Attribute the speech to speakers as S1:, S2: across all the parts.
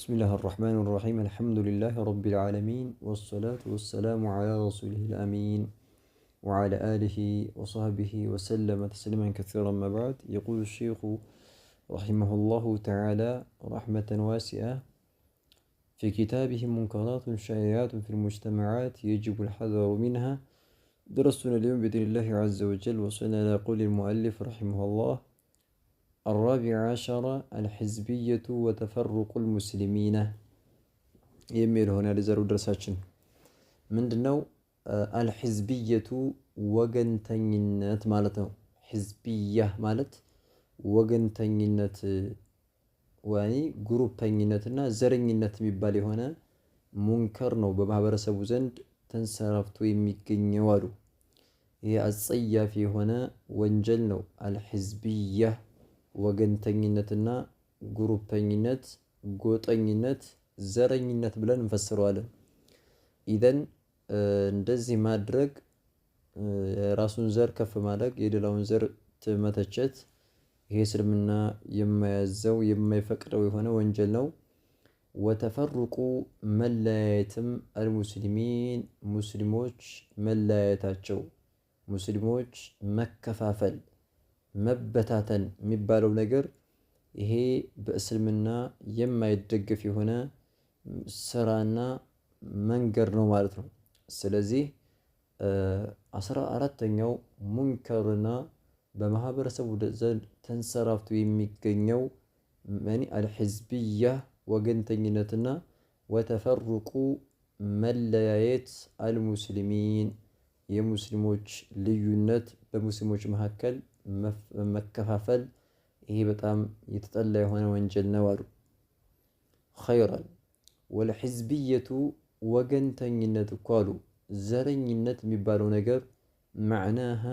S1: بسم الله الرحمن الرحيم الحمد لله رب العالمين والصلاة والسلام على رسوله الأمين وعلى آله وصحبه وسلم تسليما كثيرا ما بعد يقول الشيخ رحمه الله تعالى رحمة واسعة في كتابه منكرات شائعات في المجتمعات يجب الحذر منها درسنا اليوم بإذن الله عز وجل وصلنا إلى قول المؤلف رحمه الله الرابع عشر አልሕዝብየቱ ወተፈሩቁ ልሙስሊሚነ የሚል ይሆናል። የዛሬው ደርሳችን ምንድነው? አልሕዝብየቱ ወገንተኝነት ማለት ነው። ሕዝብያ ማለት ወገንተኝነት ወይ ግሩፕተኝነትና ዘረኝነት የሚባል የሆነ ሙንከር ነው በማህበረሰቡ ዘንድ ተንሰራፍቶ የሚገኘው አሉ። ይህ አጸያፊ የሆነ ወንጀል ነው አልሕዝብያ ወገንተኝነትና ጉሩፐኝነት፣ ጎጠኝነት፣ ዘረኝነት ብለን እንፈስረዋለን። ኢዘን እንደዚህ ማድረግ የራሱን ዘር ከፍ ማድረግ፣ የሌላውን ዘር መተቸት ይሄ እስልምና የማያዘው የማይፈቅደው የሆነ ወንጀል ነው። ወተፈሩቁ መለያየትም አልሙስሊሚን ሙስሊሞች መለያየታቸው፣ ሙስሊሞች መከፋፈል መበታተን የሚባለው ነገር ይሄ በእስልምና የማይደገፍ የሆነ ስራና መንገድ ነው ማለት ነው። ስለዚህ አስራ አራተኛው ሙንከርና በማህበረሰቡ ዘንድ ተንሰራፍቶ የሚገኘው መኒ አልሕዝብያ ወገንተኝነትና ወተፈርቁ መለያየት አልሙስሊሚን የሙስሊሞች ልዩነት በሙስሊሞች መካከል መከፋፈል ይሄ በጣም የተጠላ የሆነ ወንጀል ነው አሉ። ኸይራን ወለሕዝብየቱ ወገንተኝነት እኮ አሉ ዘረኝነት የሚባለው ነገር ማዕናሃ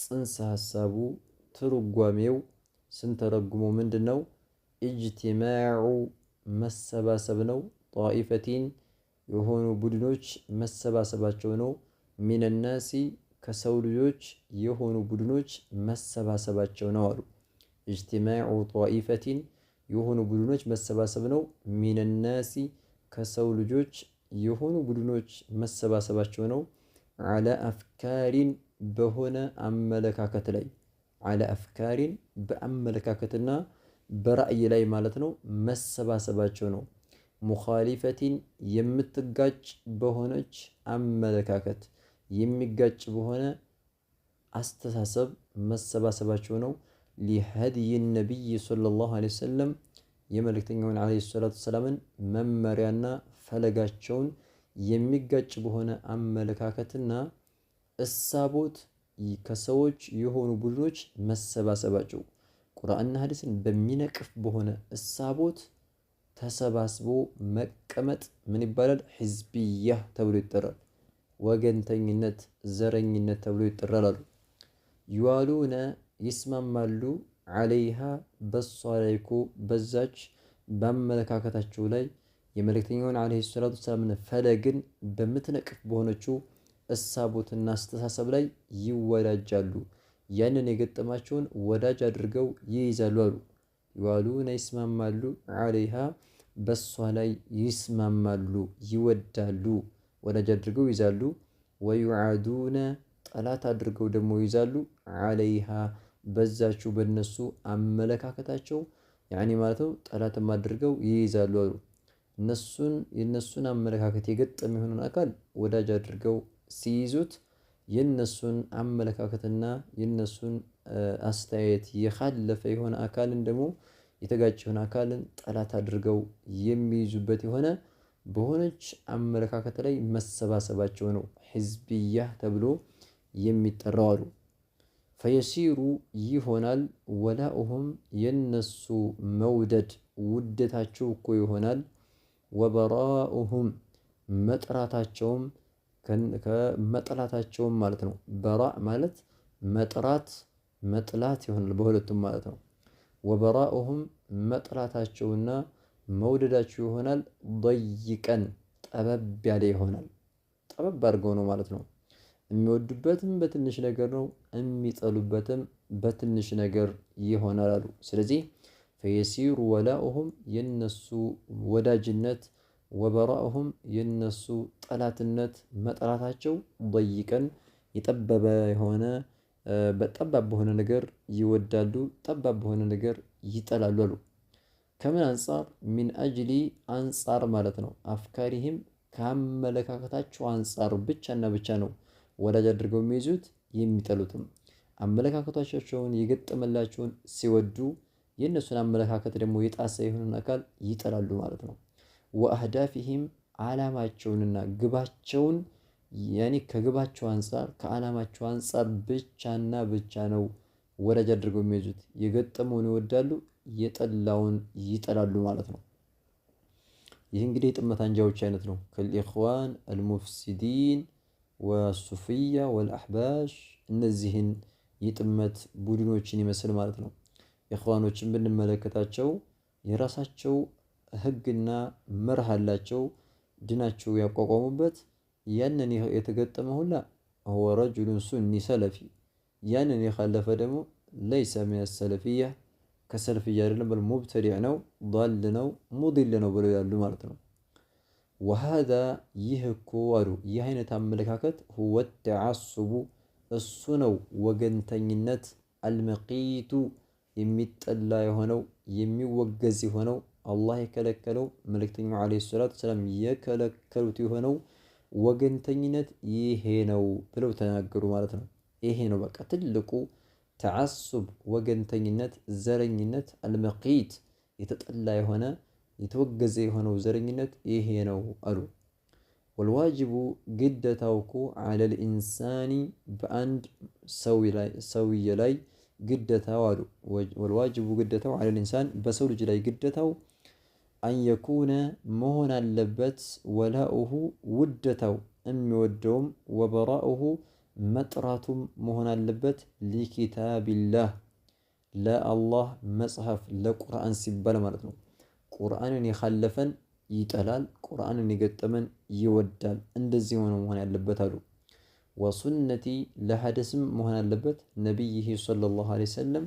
S1: ጽንሰ ሀሳቡ ትርጓሜው ስንተረጉሞ ምንድን ነው? ኢጅትማዑ መሰባሰብ ነው። ጣኢፈቲን የሆኑ ቡድኖች መሰባሰባቸው ነው። ሚንናሲ ከሰው ልጆች የሆኑ ቡድኖች መሰባሰባቸው ነው አሉ። እጅትማዑ ጧኢፈቲን የሆኑ ቡድኖች መሰባሰብ ነው። ሚነናሲ ከሰው ልጆች የሆኑ ቡድኖች መሰባሰባቸው ነው። አለ አፍካሪን በሆነ አመለካከት ላይ አለ አፍካሪን በአመለካከትና በራእይ ላይ ማለት ነው መሰባሰባቸው ነው። ሙኻሊፈቲን የምትጋጭ በሆነች አመለካከት የሚጋጭ በሆነ አስተሳሰብ መሰባሰባቸው ነው። ሊሀድይ ነቢይ ሰለላሁ ዐለይሂ ወሰለም የመልእክተኛውን ዐለይሂ ሰላቱ ወሰላምን መመሪያና ፈለጋቸውን የሚጋጭ በሆነ አመለካከትና እሳቦት ከሰዎች የሆኑ ቡድኖች መሰባሰባቸው ቁርአንና ሐዲስን በሚነቅፍ በሆነ እሳቦት ተሰባስቦ መቀመጥ ምን ይባላል? ሒዝቢያ ተብሎ ይጠራል። ወገንተኝነት፣ ዘረኝነት ተብሎ ይጠራላሉ። ይዋሉነ ይስማማሉ አለይሃ በሷ ላይ እኮ በዛች በአመለካከታቸው ላይ የመልእክተኛውን ዓለይሂ ሰላቱ ወሰላምን ፈለግን በምትነቅፍ በሆነችው እሳቦትና አስተሳሰብ ላይ ይወዳጃሉ። ያንን የገጠማቸውን ወዳጅ አድርገው ይይዛሉ አሉ። ይዋሉነ ይስማማሉ አለይሃ በሷ ላይ ይስማማሉ፣ ይወዳሉ። ወዳጅ አድርገው ይዛሉ። ወዩዓዱነ ጠላት አድርገው ደግሞ ይዛሉ። ዓለይሃ በዛችው በነሱ አመለካከታቸው ያኔ ማለት ነው። ጠላትም አድርገው ይይዛሉ አሉ። እነሱን የነሱን አመለካከት የገጠመ የሆነን አካል ወዳጅ አድርገው ሲይዙት የነሱን አመለካከትና የነሱን አስተያየት የኻለፈ የሆነ አካልን ደግሞ የተጋጨ የሆነ አካልን ጠላት አድርገው የሚይዙበት የሆነ በሆነች አመለካከት ላይ መሰባሰባቸው ነው ህዝብያ ተብሎ የሚጠራው አሉ። ፈየሲሩ ይሆናል ወላኡሁም የነሱ መውደድ ውደታቸው እኮ ይሆናል። ወበራኡሁም መጥራታቸውም ከመጥላታቸውም ማለት ነው። በራ ማለት መጥራት መጥላት ይሆናል በሁለቱም ማለት ነው። ወበራኡሁም መጥላታቸውና መውደዳችሁ ይሆናል። በይቀን ጠበብ ያለ ይሆናል። ጠበብ አድርገው ነው ማለት ነው። የሚወዱበትም በትንሽ ነገር ነው፣ የሚጠሉበትም በትንሽ ነገር ይሆናል አሉ። ስለዚህ ፈየሲሩ ወላኡሁም የነሱ ወዳጅነት ወበራኡሁም የነሱ ጠላትነት መጠላታቸው ይቀን የጠበበ የሆነ በጠባብ በሆነ ነገር ይወዳሉ፣ ጠባብ በሆነ ነገር ይጠላሉ አሉ። ከምን አንጻር ሚን አጅሊ አንጻር ማለት ነው። አፍካሪህም ከአመለካከታቸው አንጻር ብቻና ብቻ ነው ወዳጅ አድርገው የሚይዙት የሚጠሉትም። አመለካከቶቻቸውን የገጠመላቸውን ሲወዱ የእነሱን አመለካከት ደግሞ የጣሰ የሆነን አካል ይጠላሉ ማለት ነው። ወአህዳፊህም አላማቸውንና ግባቸውን ያኔ ከግባቸው አንጻር ከአላማቸው አንጻር ብቻና ብቻ ነው ወዳጅ አድርገው የሚይዙት የገጠመውን ይወዳሉ፣ የጠላውን ይጠላሉ ማለት ነው። ይህ እንግዲህ የጥመት አንጃዎች አይነት ነው። ከልኢኽዋን አልሙፍሲዲን ወሱፊያ ወልአሕባሽ እነዚህን የጥመት ቡድኖችን ይመስል ማለት ነው። ኢኽዋኖችን ብንመለከታቸው የራሳቸው ህግና መርህ አላቸው። ድናቸው ያቋቋሙበት ያንን የተገጠመ ሁላ ወረጁሉን ሱኒ ሰለፊ ያንን የካለፈ ደግሞ ለይሰ ሚነ ሰለፊያ ከሰልፍያ አይደለም ብሎ ሙብተዲዕ ነው፣ ል ነው፣ ሙዲል ነው ብለው ያሉ ማለት ነው። ወሃዛ ይህ እኮ አሉ ይህ አይነት አመለካከት ሁወ ተዓሱቡ እሱ ነው ወገንተኝነት አልመቂቱ የሚጠላ የሆነው የሚወገዝ የሆነው አላህ የከለከለው መልእክተኛው ዓለይሂ ሰላቱ ወሰላም የከለከሉት የሆነው ወገንተኝነት ይሄ ነው ብለው ተናገሩ ማለት ነው። ይሄ ነው በቃ ትልቁ ተዓሱብ፣ ወገንተኝነት፣ ዘረኝነት አልመቂት የተጠላ የሆነ የተወገዘ የሆነው ዘረኝነት ይሄ ነው አሉ። ወልዋጅቡ ግደታው እኮ አለል ኢንሳኒ በአንድ ሰውዬ ላይ ግደታው አሉ። ወልዋጅቡ ግደታው አለል ኢንሳን በሰው ልጅ ላይ ግደታው አንየኩነ መሆን አለበት ወላኡሁ ውደታው የሚወደውም ወበራኡሁ መጥራቱም መሆን አለበት ሊኪታቢላህ ለአላህ መጽሐፍ ለቁርአን ሲባል ማለት ነው። ቁርአንን የኻለፈን ይጠላል፣ ቁርአንን የገጠመን ይወዳል። እንደዚህ ሆኖ መሆን ያለበት አሉ። ወሱነቲ ለሐደስም መሆን አለበት ነቢይህ ሰለላሁ ዐለይሂ ወሰለም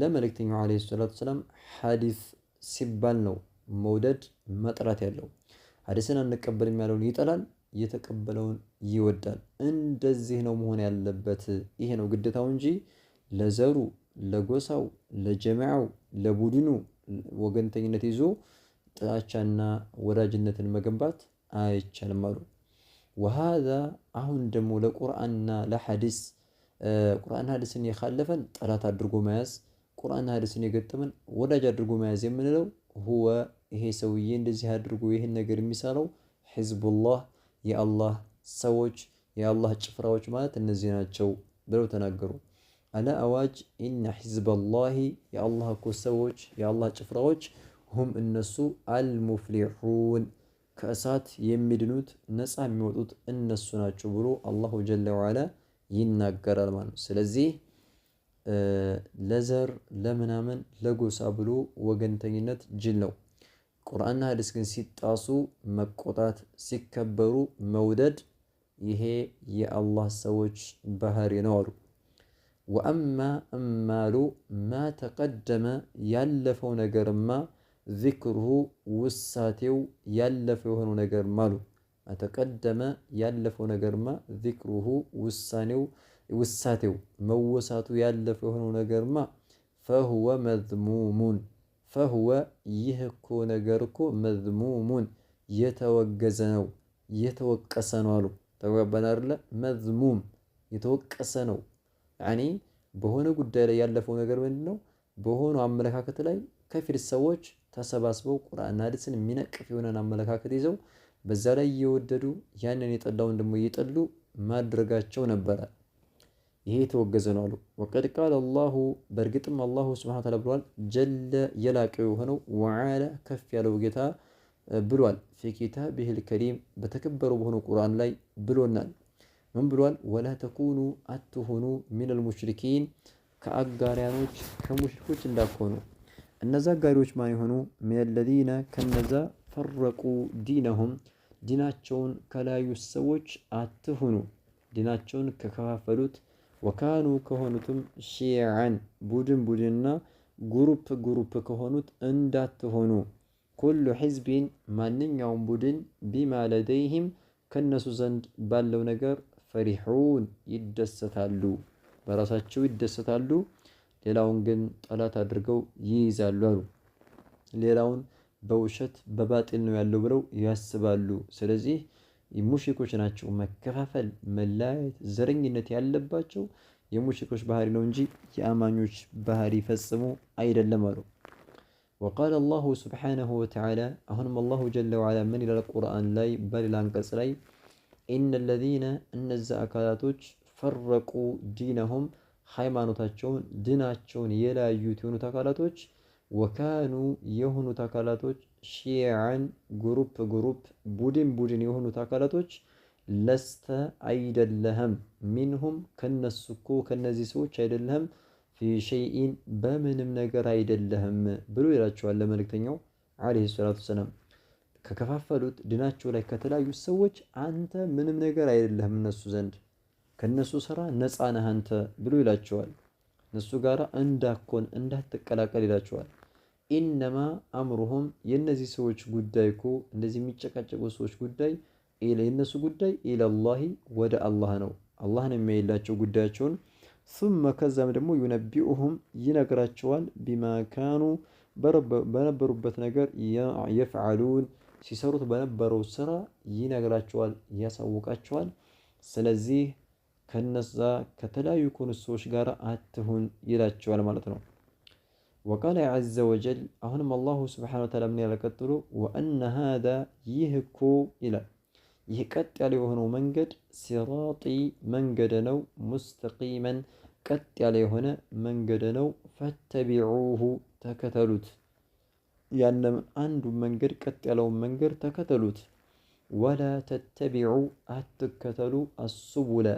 S1: ለመልእክተኛው ዐለይሂ ሰላቱ ወሰላም ሐዲስ ሲባል ነው መውደድ መጥራት ያለው። ሐዲስን አንቀበልም ያለውን ይጠላል የተቀበለውን ይወዳል። እንደዚህ ነው መሆን ያለበት። ይሄ ነው ግዴታው እንጂ ለዘሩ፣ ለጎሳው፣ ለጀማዓው፣ ለቡድኑ ወገንተኝነት ይዞ ጥላቻና ወዳጅነትን መገንባት አይቻልም አሉ። ወሃዛ አሁን ደግሞ ለቁርአንና ለሐዲስ ቁርአን ሐዲስን የካለፈን ጠላት አድርጎ መያዝ፣ ቁርአን ሐዲስን የገጠመን ወዳጅ አድርጎ መያዝ የምንለው ሁወ ይሄ ሰውዬ እንደዚህ አድርጎ ይህን ነገር የሚሳለው ሒዝቡላህ የአላህ ሰዎች የአላህ ጭፍራዎች ማለት እነዚህ ናቸው ብለው ተናገሩ። አነ አዋጅ ኢነ ሒዝበላሂ የአላህ እኮ ሰዎች የአላህ ጭፍራዎች ሁም እነሱ አልሙፍሊሑን ከእሳት የሚድኑት ነፃ የሚወጡት እነሱ ናቸው ብሎ አላሁ ጀለ ወዓላ ይናገራል ማለት ነው። ስለዚህ ለዘር ለምናምን ለጎሳ ብሎ ወገንተኝነት ጅል ነው። ቁርአንና ሐዲስ ግን ሲጣሱ መቆጣት፣ ሲከበሩ መውደድ ይሄ የአላህ ሰዎች ባህሪ ነው አሉ። ወአማ እማሉ ማ ተቀደመ ያለፈው ነገርማ ዚክርሁ ውሳቴው ያለፈው የሆነው ነገርማ አሉ። ተቀደመ ያለፈው ነገርማ ዚክርሁ ውሳኔው ውሳቴው መወሳቱ ያለፈው የሆነው ነገርማ ፈሁወ መዝሙሙን ፈህወ ይህ እኮ ነገር እኮ መዝሙሙን የተወገዘ ነው የተወቀሰ ነው አሉ። ተግባባን አይደለ? መዝሙም የተወቀሰ ነው ያኔ በሆነ ጉዳይ ላይ ያለፈው ነገር ምንድን ነው? በሆነ አመለካከት ላይ ከፊል ሰዎች ተሰባስበው ቁርአንና ሐዲስን የሚነቅፍ የሆነን አመለካከት ይዘው በዛ ላይ እየወደዱ ያንን የጠላውን ደግሞ እየጠሉ ማድረጋቸው ነበረ። ይሄ የተወገዘ ነው አሉ። ወቀድ ቃል አላሁ በእርግጥም አላሁ ስብሃነ ወተዓላ ብሏል። ጀለ የላቀው የሆነው ወዓላ ከፍ ያለው ጌታ ብሏል። ፊ ኪታቢሂል ከሪም በተከበረው በሆነው ቁርአን ላይ ብሎናል። ምን ብሏል? ወላ ተኩኑ አትሆኑ ሚነል ሙሽሪኪን ከአጋሪያኖች ከሙሽሪኮች እንዳትሆኑ። እነዛ አጋሪዎች ማን የሆኑ? ሚነለዚነ ከነዛ ፈረቁ ዲነሁም ዲናቸውን ከላዩ ሰዎች አትሁኑ ዲናቸውን ከከፋፈሉት ወካኑ ከሆኑትም ሺዓን ቡድን ቡድንና ጉሩፕ ጉሩፕ ከሆኑት እንዳትሆኑ ኩሉ ሕዝቢን ማንኛውም ቡድን ቢማ ለደይህም ከነሱ ዘንድ ባለው ነገር ፈሪሑን ይደሰታሉ፣ በራሳቸው ይደሰታሉ። ሌላውን ግን ጠላት አድርገው ይይዛሉ አሉ። ሌላውን በውሸት በባጢል ነው ያለው ብለው ያስባሉ። ስለዚህ ሙሽኮች ናቸው። መከፋፈል፣ መለያየት፣ ዘረኝነት ያለባቸው የሙሽኮች ባህሪ ነው እንጂ የአማኞች ባህሪ ፈጽሞ አይደለም አሉ። ወቃለ አላሁ ስብሓነሁ ወተዓላ አሁንም አላሁ ጀለ ወዓላ ምን ይላል ቁርአን ላይ በሌላ አንቀጽ ላይ ኢነ ለዚነ እነዚያ አካላቶች ፈረቁ ዲነሁም ሃይማኖታቸውን ድናቸውን የለያዩት የሆኑት አካላቶች ወካኑ የሆኑት አካላቶች ሺዓን ጉሩፕ ጉሩፕ ቡድን ቡድን የሆኑት አካላቶች ለስተ አይደለህም ሚንሁም ከነሱ እኮ ከነዚህ ሰዎች አይደለህም ፊ ሸይኢን በምንም ነገር አይደለህም ብሎ ይላቸዋል ለመልእክተኛው ዓለይሂ ሰላቱ ወሰላም። ከከፋፈሉት ድናቸው ላይ ከተለያዩ ሰዎች አንተ ምንም ነገር አይደለህም እነሱ ዘንድ ከነሱ ስራ ነፃ ነህ አንተ ብሎ ይላቸዋል። እነሱ ጋር እንዳኮን እንዳትቀላቀል ይላቸዋል። ኢነማ አምሩሁም የእነዚህ ሰዎች ጉዳይ እኮ እንደዚህ የሚጨቃጨቁ ሰዎች ጉዳይ የእነሱ ጉዳይ ኢለላሂ ወደ አላህ ነው። አላህን የሚያይላቸው ጉዳያቸውን ሱመ ከዛም ደግሞ ዩነቢኡሁም ይነግራቸዋል ቢማ በነበሩበት ነገር የፍዓሉን ሲሰሩት በነበረው ስራ ይነግራቸዋል፣ ያሳውቃቸዋል። ስለዚህ ከነዛ ከተለያዩ ከሆኑ ሰዎች ጋር አትሁን ይላቸዋል ማለት ነው። ወቃለ ዐዘ ወጀል አሁንም አላሁ ስብሓነሁ ወተዓላ ምን ያለ ቀጥሎ ወአነ ሃዛ ይህ እኮ ይላል ይህ ቀጥ ያለ የሆነው መንገድ ሲራጢ መንገድ ነው ሙስተቂመን ቀጥ ያለ የሆነ መንገደ ነው ፈተቢዑሁ ተከተሉት ያንም አንዱ መንገድ ቀጥ ያለውን መንገድ ተከተሉት ወላ ተተቢዑ አትከተሉ አስቡለ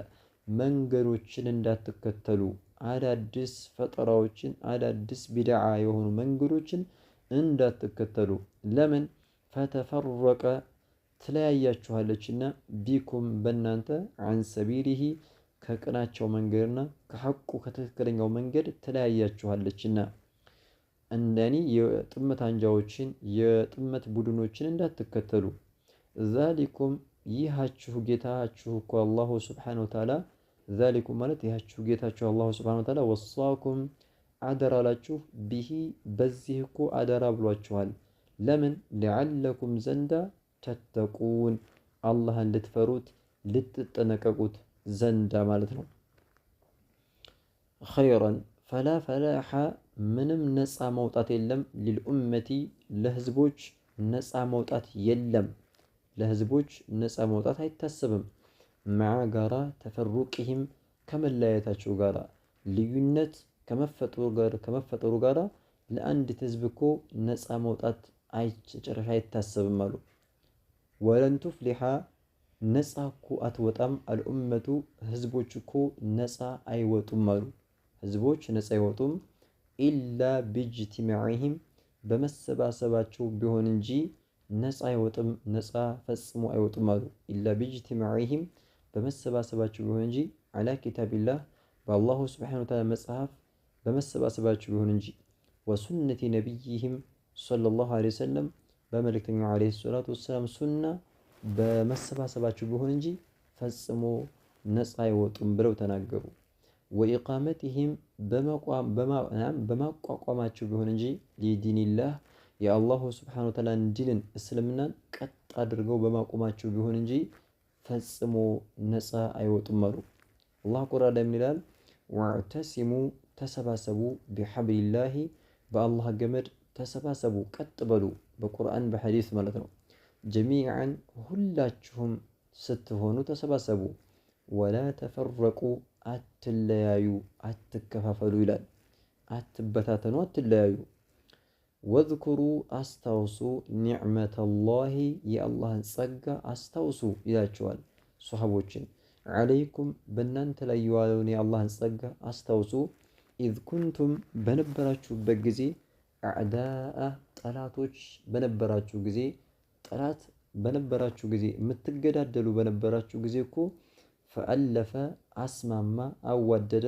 S1: መንገዶችን እንዳትከተሉ አዳዲስ ፈጠራዎችን አዳዲስ ቢድዓ የሆኑ መንገዶችን እንዳትከተሉ። ለምን ፈተፈረቀ ትለያያችኋለችና፣ ቢኩም በእናንተ አን ሰቢሊሂ ከቅናቸው መንገድና ከሐቁ ከትክክለኛው መንገድ ትለያያችኋለችና እንደኔ የጥመት አንጃዎችን የጥመት ቡድኖችን እንዳትከተሉ። ዛሊኩም ይሃችሁ ጌታችሁ እኮ አላሁ ስብሓነሁ ወተዓላ ዛሊኩም ማለት ይሃችሁ ጌታችሁ አላሁ ስብሐነ ወተዓላ ወሳኩም አደራ ላችሁ ቢሂ በዚህ እኮ አደራ ብሏችኋል። ለምን ለዓለኩም ዘንዳ ተተቁን አላህን ልትፈሩት ልትጠነቀቁት ዘንዳ ማለት ነው። ኸይረን ፈላ ፈላሓ ምንም ነፃ መውጣት የለም። ሊልኡመቲ ለህዝቦች ነፃ መውጣት የለም። ለህዝቦች ነፃ መውጣት አይታሰብም። መዓ ጋራ ተፈሩቅህም ከመለያየታቸው ጋራ ልዩነት ከመፈጠሩ ጋር ከመፈጠሩ ጋራ ለአንዲት ህዝብ እኮ ነፃ መውጣት ጭራሽ አይታሰብም አሉ። ወለን ቱፍሊሓ ነፃ እኮ አትወጣም። አልኡመቱ ህዝቦች እኮ ነፃ አይወጡም አሉ። ህዝቦች ነፃ አይወጡም ኢላ ብጅትማዕህም በመሰባሰባቸው ቢሆን እንጂ ነፃ አይወጥም ነፃ ፈጽሞ አይወጡም አሉ። ኢላ ብጅትማዕህም በመሰባሰባችሁ ቢሆን እንጂ አላ ኪታቢላህ በአላሁ ስብሓነ ወተዓላ መጽሐፍ በመሰባሰባችሁ ቢሆን እንጂ ወሱነቲ ነቢይህም ሰለላሁ ዐለይሂ ወሰለም በመልእክተኛው ዐለይሂ ሰላቱ ወሰላም ሱና በመሰባሰባችሁ ቢሆን እንጂ ፈጽሞ ነፃ አይወጡም ብለው ተናገሩ። ወኢቃመትህም በማቋቋማችሁ ቢሆን እንጂ ሊዲኒላህ የአላሁ ስብሓነ ወተዓላን ዲንን እስልምናን ቀጥ አድርገው በማቆማችሁ ቢሆን እንጂ ፈጽሞ ነፃ አይወጡም አሉ። አላህ ቁርአን ላይ ምን ይላል? ወዕተሲሙ ተሰባሰቡ ቢሐብሊላሂ በአላህ ገመድ ተሰባሰቡ ቀጥ በሉ በቁርአን በሐዲስ ማለት ነው። ጀሚዓን ሁላችሁም ስትሆኑ ተሰባሰቡ። ወላ ተፈረቁ አትለያዩ፣ አትከፋፈሉ ይላል። አትበታተኑ፣ አትለያዩ ወዝኩሩ አስታውሱ ኒዕመተላሂ የአላህን ጸጋ አስታውሱ ይላቸዋል ሶሐቦችን። ዓለይኩም በእናንተ ላይ የዋለውን የአላህን ጸጋ አስታውሱ። ኢዝ ኩንቱም በነበራችሁበት ጊዜ አዕዳአ ጠላቶች በነበራችሁ ጊዜ ጠላት በነበራችሁ ጊዜ የምትገዳደሉ በነበራችሁ ጊዜ እኮ ፈአለፈ አስማማ አዋደደ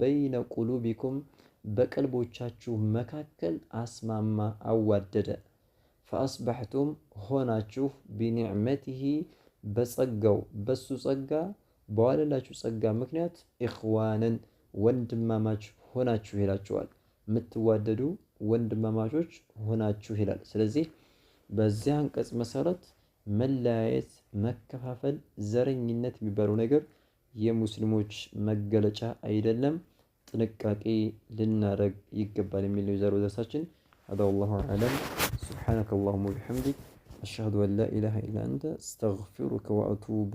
S1: በይነ ቁሉቢኩም በቀልቦቻችሁ መካከል አስማማ አዋደደ። ፈአስበሕቱም ሆናችሁ ቢኒዕመቲሂ በጸጋው በሱ ጸጋ በዋለላችሁ ጸጋ ምክንያት ኢኽዋንን ወንድማማች ሆናችሁ ይላችኋል። የምትዋደዱ ወንድማማቾች ሆናችሁ ይላል። ስለዚህ በዚህ አንቀጽ መሰረት መለያየት፣ መከፋፈል፣ ዘረኝነት የሚባለው ነገር የሙስሊሞች መገለጫ አይደለም። ጥንቃቄ ልናደርግ يقبل من ነው የዛሬው ደርሳችን هذا والله أعلم سبحانك اللهم وبحمدك أشهد أن لا إله إلا أنت أستغفرك وأتوب